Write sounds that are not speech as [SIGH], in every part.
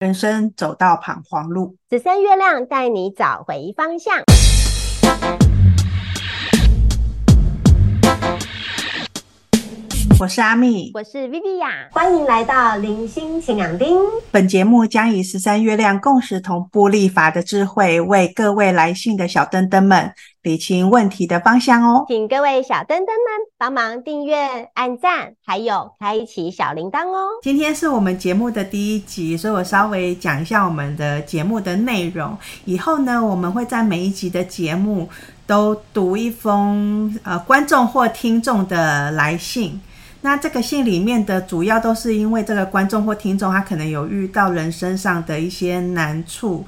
人生走到彷徨路，十三月亮帶你找回方向。我是阿咪，我是 Viviya，歡迎來到人生 A 青紅燈。本節目將以十三月亮共時同步曆法的智慧，為各位來信的小燈燈們釐清問題的方向哦。請各位小燈燈們幫忙訂閱、按讚，還有開啟小鈴鐺哦。今天是我們節目的第一集，所以我稍微講一下我們的節目的內容。以後呢，我們會在每一集的節目都讀一封呃觀眾或聽眾的來信。那這個信裡面的主要都是因為這個觀眾或聽眾，他可能有遇到人生上的一些難處，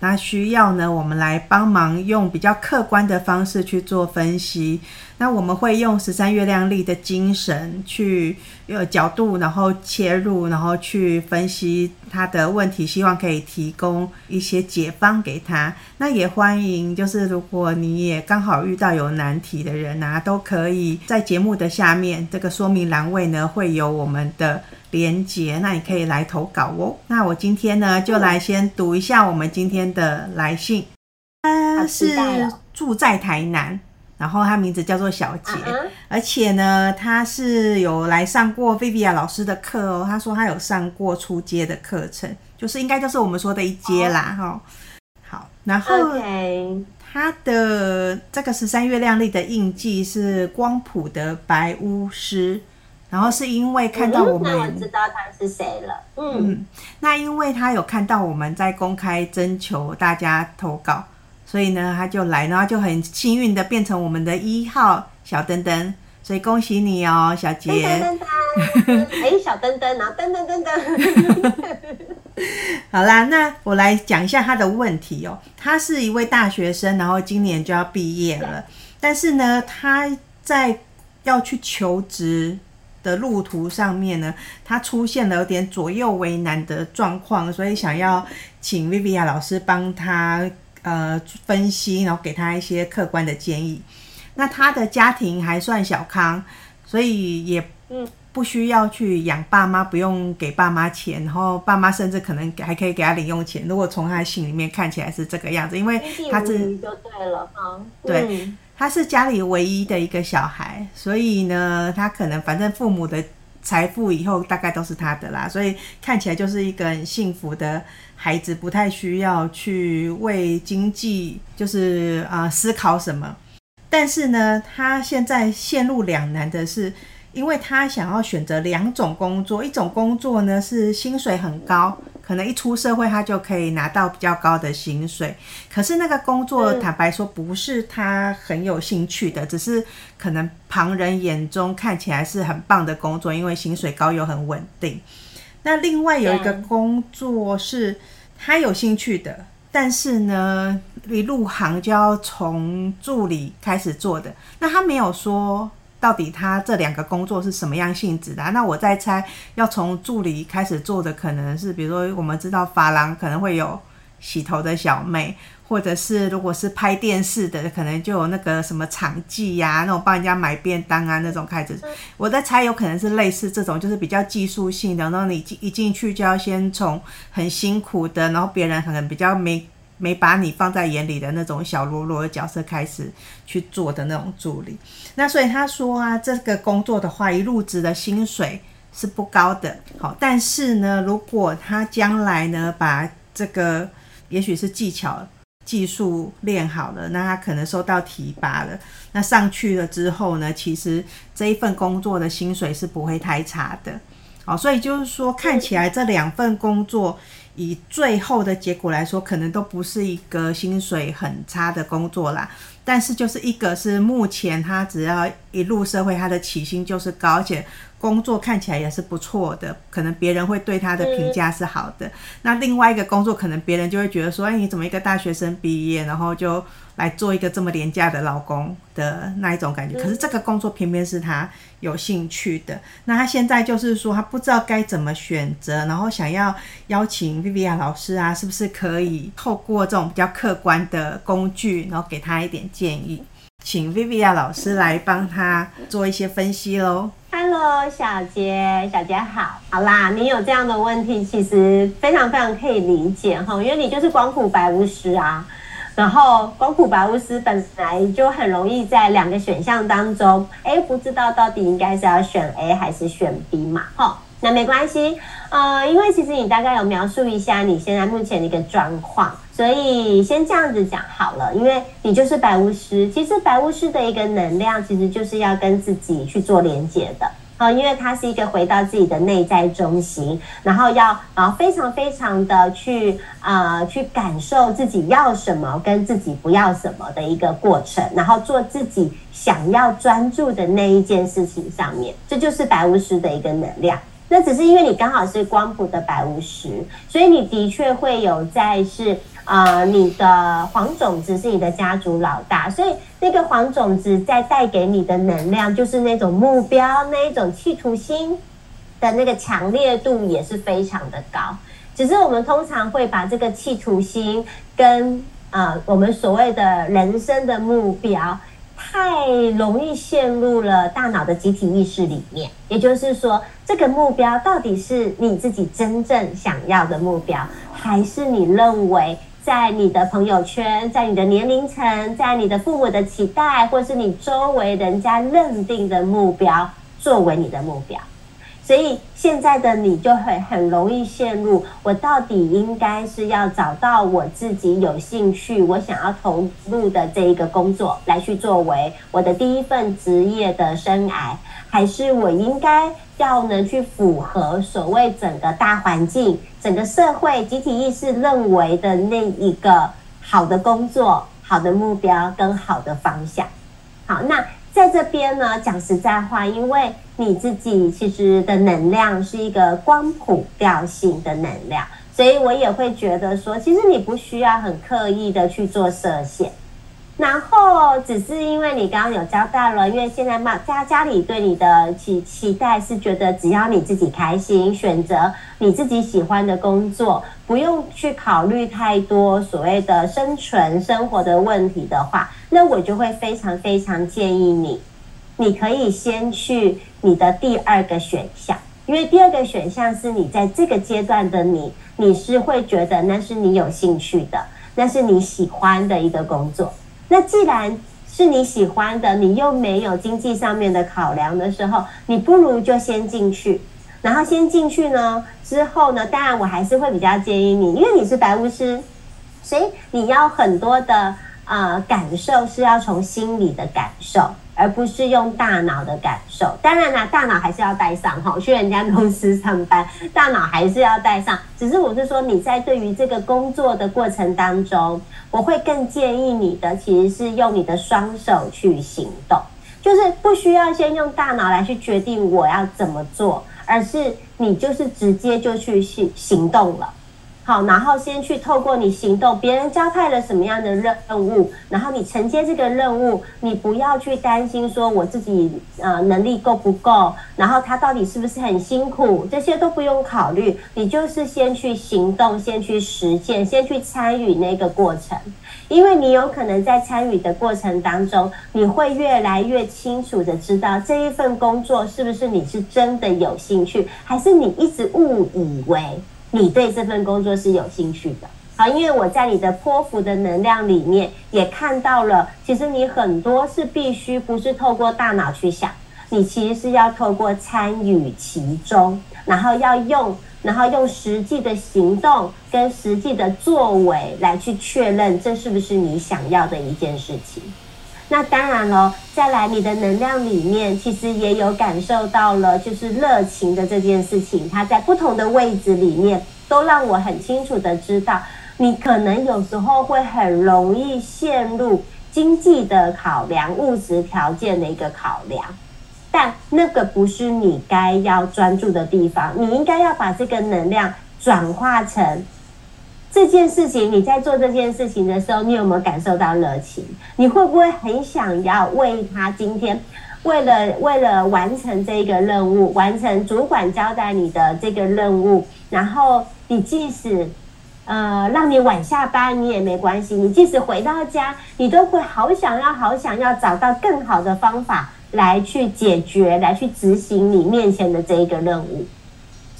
那需要呢，我們來幫忙用比較客觀的方式去做分析。那我們會用十三月亮曆的精神去，呃，角度，然後切入，然後去分析他的問題，希望可以提供一些解方給他。那也歡迎，就是如果你也剛好遇到有難題的人啊，都可以在節目的下面這個說明欄位呢，會有我們的連接，那你可以來投稿哦。那我今天呢，就來先讀一下我們今天的來信。嗯、他是住在台南。然後他名字叫做小杰，uh huh. 而且呢，他是有來上過 Viviya 老師的課哦。他說他有上過初階的課程，就是應該就是我們說的一階啦。哈、oh.，好，然後 Okay. 他的這個十三月亮曆的印記是光譜的白巫師，然後是因為看到我們，uh huh. 嗯、知道他是誰了。嗯，那因為他有看到我們在公開徵求大家投稿。所以呢，他就來，然後就很幸運的變成我們的一號小燈燈，所以恭喜你哦，小杰。燈燈燈，哎、欸，小燈燈啊，燈燈燈燈。 [LAUGHS] [LAUGHS] 好啦，那我來講一下他的問題哦。他是一位大學生，然後今年就要畢業了，Yeah. 但是呢，他在要去求職的路途上面呢，他出現了有點左右為難的狀況，所以想要請 Viviya 老師幫他。呃，分析，然後給他一些客觀的建議。那他的家庭還算小康，所以也不需要去養爸媽，不用給爸媽錢，然後爸媽甚至可能還可以給他零用錢。如果從他的信裡面看起來是這個樣子，因為他自己就對了，嗯，對，他是家裡唯一的一個小孩，所以呢，他可能反正父母的。財富以後大概都是他的啦，所以看起來就是一個很幸福的孩子，不太需要去為經濟就是啊，呃，思考什麼。但是呢，他現在陷入兩難的是，因為他想要選擇兩種工作，一種工作呢是薪水很高。可能一出社會，他就可以拿到比較高的薪水，可是那個工作，坦白說不是他很有興趣的，只是可能旁人眼中看起來是很棒的工作，因為薪水高又很穩定。那另外有一個工作是他有興趣的，但是呢，一入行就要從助理開始做的，那他沒有說。到底他這兩個工作是什麼樣性質的啊？那我在猜，要從助理開始做的可能是，比如說我們知道髮廊可能會有洗頭的小妹，或者是如果是拍電視的，可能就有那個什麼場記呀啊，那種幫人家買便當啊那種開始。我在猜有可能是類似這種，就是比較技術性的，那你一進去就要先從很辛苦的，然後別人可能比較沒。沒把你放在眼裡的那種小嘍囉的角色開始去做的那種助理，那所以他說啊，這個工作的話，一入職的薪水是不高的，好、哦，但是呢，如果他將來呢把這個，也許是技巧、技術練好了，那他可能受到提拔了，那上去了之後呢，其實這一份工作的薪水是不會太差的，好、哦，所以就是說，看起來這兩份工作。以最後的結果來說，可能都不是一個薪水很差的工作啦。但是就是一個是目前他只要一入社會，他的起薪就是高，而且工作看起來也是不錯的，可能別人會對他的評價是好的。那另外一個工作，可能別人就會覺得說，哎、欸，你怎麼一個大學生畢業，然後就來做一個這麼廉價的勞工的那一種感覺？可是這個工作偏偏是他有興趣的。那他現在就是說，他不知道該怎麼選擇，然後想要邀請 Viviya 老師啊，是不是可以透過這種比較客觀的工具，然後給他一點？建議請 Viviya 老師來幫他做一些分析嘍。Hello，小杰，小杰好，好啦，你有這樣的問題，其實非常非常可以理解哈，因為你就是光譜白巫師啊，然後光譜白巫師本來就很容易在兩個選項當中，哎，不知道到底應該是要選 A 還是選 B 嘛，哈。那沒關係，呃，因為其實你大概有描述一下你現在目前的一個狀況，所以先這樣子講好了。因為你就是白巫師，其實白巫師的一個能量，其實就是要跟自己去做連結的，好，呃，因為它是一個回到自己的內在中心，然後要啊非常非常的去啊、呃、去感受自己要什麼跟自己不要什麼的一個過程，然後做自己想要專注的那一件事情上面，這就是白巫師的一個能量。那只是因為你剛好是光譜的白巫師，所以你的確會有在是啊、呃，你的黃種子是你的家族老大，所以那個黃種子在帶給你的能量，就是那種目標，那一種企圖心的那個強烈度也是非常的高。只是我們通常會把這個企圖心跟啊、呃，我們所謂的人生的目標。太容易陷入了大腦的集體意識裡面，也就是說，這個目標到底是你自己真正想要的目標，還是你認為在你的朋友圈、在你的年齡層、在你的父母的期待，或者是你周圍人家認定的目標，作為你的目標？所以現在的你就會很容易陷入：我到底應該是要找到我自己有興趣、我想要投入的這一個工作來去作為我的第一份職業的生涯，還是我應該要呢去符合所謂整個大環境、整個社會集體意識認為的那一個好的工作、好的目標跟好的方向？好，那在這邊呢，講實在話，因為。你自己其實的能量是一個光譜調性的能量，所以我也會覺得說，其實你不需要很刻意的去做設限，然後只是因為你剛剛有交代了，因為現在嘛，家家裡對你的期期待是覺得只要你自己開心，選擇你自己喜歡的工作，不用去考慮太多所謂的生存生活的問題的話，那我就會非常非常建議你。你可以先去你的第二個選項，因為第二個選項是你在這個階段的你，你是會覺得那是你有興趣的，那是你喜歡的一個工作。那既然是你喜歡的，你又沒有經濟上面的考量的時候，你不如就先進去。然後先進去呢，之後呢，當然我還是會比較建議你，因為你是白巫師，所以你要很多的啊、呃、感受是要從心裡的感受。而不是用大腦的感受，當然啦、啊，大腦還是要帶上哈。我去人家公司上班，大腦還是要帶上。只是我是說，你在對於這個工作的過程當中，我會更建議你的其實是用你的雙手去行動，就是不需要先用大腦來去決定我要怎麼做，而是你就是直接就去行行動了。好，然後先去透過你行動，別人交派了什麼樣的任務，然後你承接這個任務，你不要去擔心說我自己啊、呃、能力夠不夠，然後他到底是不是很辛苦，這些都不用考慮，你就是先去行動，先去實踐，先去參與那個過程，因為你有可能在參與的過程當中，你會越來越清楚的知道這一份工作是不是你是真的有興趣，還是你一直誤以為。你對這份工作是有興趣的，好。因為我在你的波符的能量裡面也看到了，其實你很多事必須不是透過大腦去想，你其實是要透過參與其中，然後要用，然後用實際的行動跟實際的作為來去確認，這是不是你想要的一件事情。那當然嘍，再來你的能量裡面，其實也有感受到了，就是熱情的這件事情，它在不同的位置裡面，都讓我很清楚的知道，你可能有時候會很容易陷入經濟的考量、物質條件的一個考量，但那個不是你該要專注的地方，你應該要把這個能量轉化成。這件事情，你在做這件事情的時候，你有沒有感受到熱情？你會不會很想要為他今天為了為了完成這個任務，完成主管交代你的這個任務？然後你即使呃讓你晚下班，你也沒關係。你即使回到家，你都會好想要好想要找到更好的方法來去解決、來去執行你面前的這一個任務。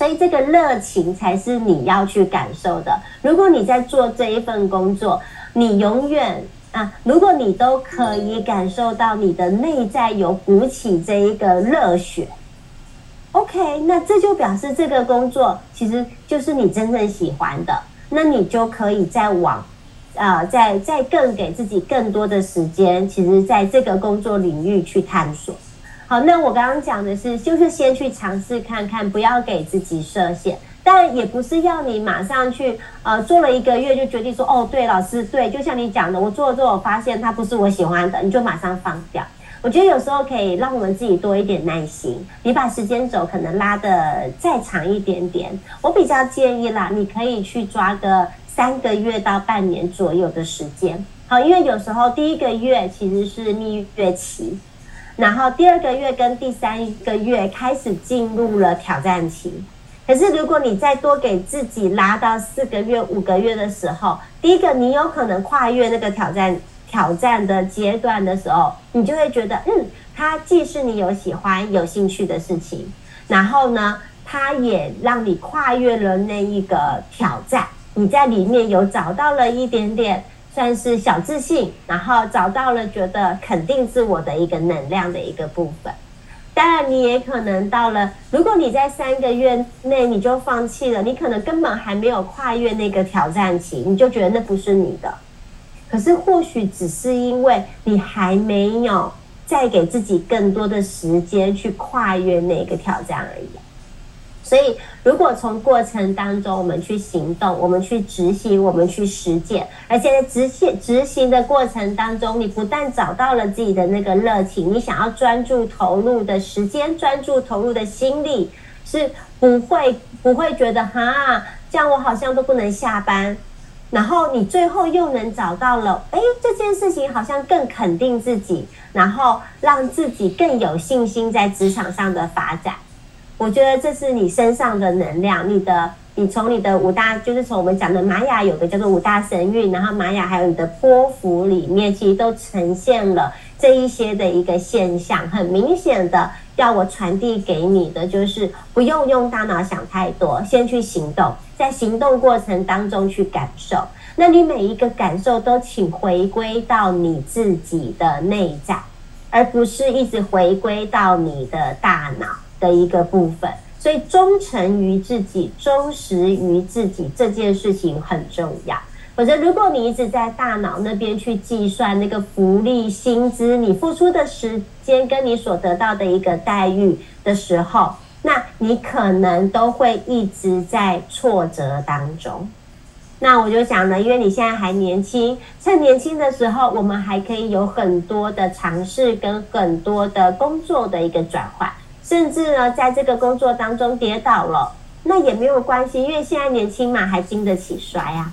所以這個熱情才是你要去感受的。如果你在做這一份工作，你永遠啊，如果你都可以感受到你的內在有鼓起這一個熱血，OK，那這就表示這個工作其實就是你真正喜歡的。那你就可以再往啊，再、呃、再更給自己更多的時間，其實在這個工作領域去探索。好，那我剛剛講的是，就是先去嘗試看看，不要給自己設限，但也不是要你馬上去，呃，做了一個月就決定說，哦，對，老師，對，就像你講的，我做了之後我發現它不是我喜歡的，你就馬上放掉。我覺得有時候可以讓我們自己多一點耐心，你把時間軸可能拉得再長一點點。我比較建議啦，你可以去抓個三個月到半年左右的時間，好，因為有時候第一個月其實是蜜月期。然後第二個月跟第三個月開始進入了挑戰期，可是如果你再多給自己拉到四個月、五個月的時候，第一個你有可能跨越那個挑戰挑戰的階段的時候，你就會覺得，嗯，它既是你有喜歡、有興趣的事情，然後呢，它也讓你跨越了那一個挑戰，你在裡面有找到了一點點。算是小自信，然後找到了覺得肯定自我的一個能量的一個部分。當然，你也可能到了，如果你在三個月內你就放棄了，你可能根本還沒有跨越那個挑戰期，你就覺得那不是你的。可是，或許只是因為你還沒有再給自己更多的時間去跨越那個挑戰而已。所以，如果從過程當中，我們去行動，我們去執行，我們去實踐，而且在執行執行的過程當中，你不但找到了自己的那個熱情，你想要專注投入的時間、專注投入的心力，是不會不會覺得哈，這樣我好像都不能下班。然後你最後又能找到了，誒，這件事情好像更肯定自己，然後讓自己更有信心在職場上的發展。我覺得這是你身上的能量，你的你從你的五大，就是從我們講的瑪雅有個叫做五大神韻，然後瑪雅還有你的波符裡面，其實都呈現了這一些的一個現象，很明顯的要我傳遞給你的就是不用用大腦想太多，先去行動，在行動過程當中去感受，那你每一個感受都請回歸到你自己的內在，而不是一直回歸到你的大腦，的一個部分，所以忠誠於自己，忠實於自己這件事情很重要。否則，如果你一直在大腦那邊去計算那個福利薪資，你付出的時間跟你所得到的一個待遇的時候，那你可能都會一直在挫折當中。那我就想呢，因為你現在還年輕，趁年輕的時候，我們還可以有很多的嘗試跟很多的工作的一個轉換。甚至呢，在這個工作當中跌倒了，那也沒有關係，因為現在年輕嘛，還經得起摔啊。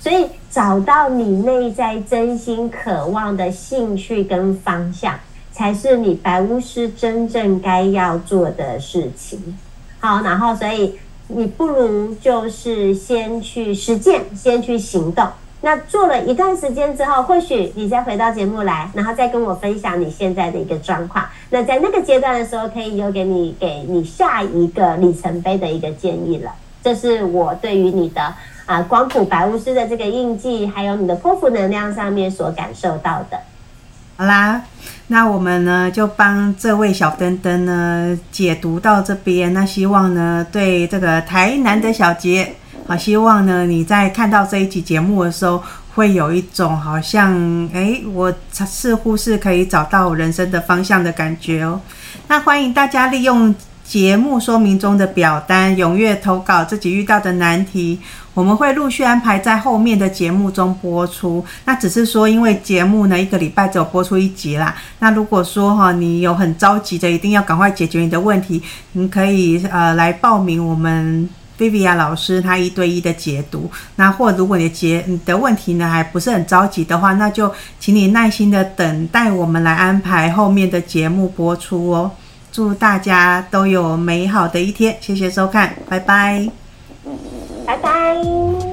所以找到你內在真心渴望的興趣跟方向，才是你白巫師真正該要做的事情。好，然後所以你不如就是先去實踐，先去行動。那做了一段時間之後，或許你再回到節目來，然後再跟我分享你現在的一個狀況。那在那個階段的時候，可以留給你給你下一個里程碑的一個建議了。這是我對於你的啊、呃、光譜白巫師的這個印記，還有你的剖腹能量上面所感受到的。好啦，那我們呢就幫這位小燈燈呢解讀到這邊。那希望呢對這個台南的小傑。希望呢，你在看到這一集節目的時候，會有一種好像，哎、欸，我似乎是可以找到人生的方向的感覺哦。那歡迎大家利用節目說明中的表單，踴躍投稿自己遇到的難題，我們會陸續安排在後面的節目中播出。那只是說，因為節目呢，一個禮拜只有播出一集啦。那如果說哈、哦，你有很着急的，一定要趕快解決你的問題，你可以呃來報名我們。Viviya 老師他一對一的解讀，那或如果你的，你的問題呢，還不是很着急的話，那就請你耐心的等待我們來安排後面的節目播出哦。祝大家都有美好的一天，謝謝收看，拜拜，拜拜。